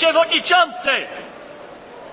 przewodniczący!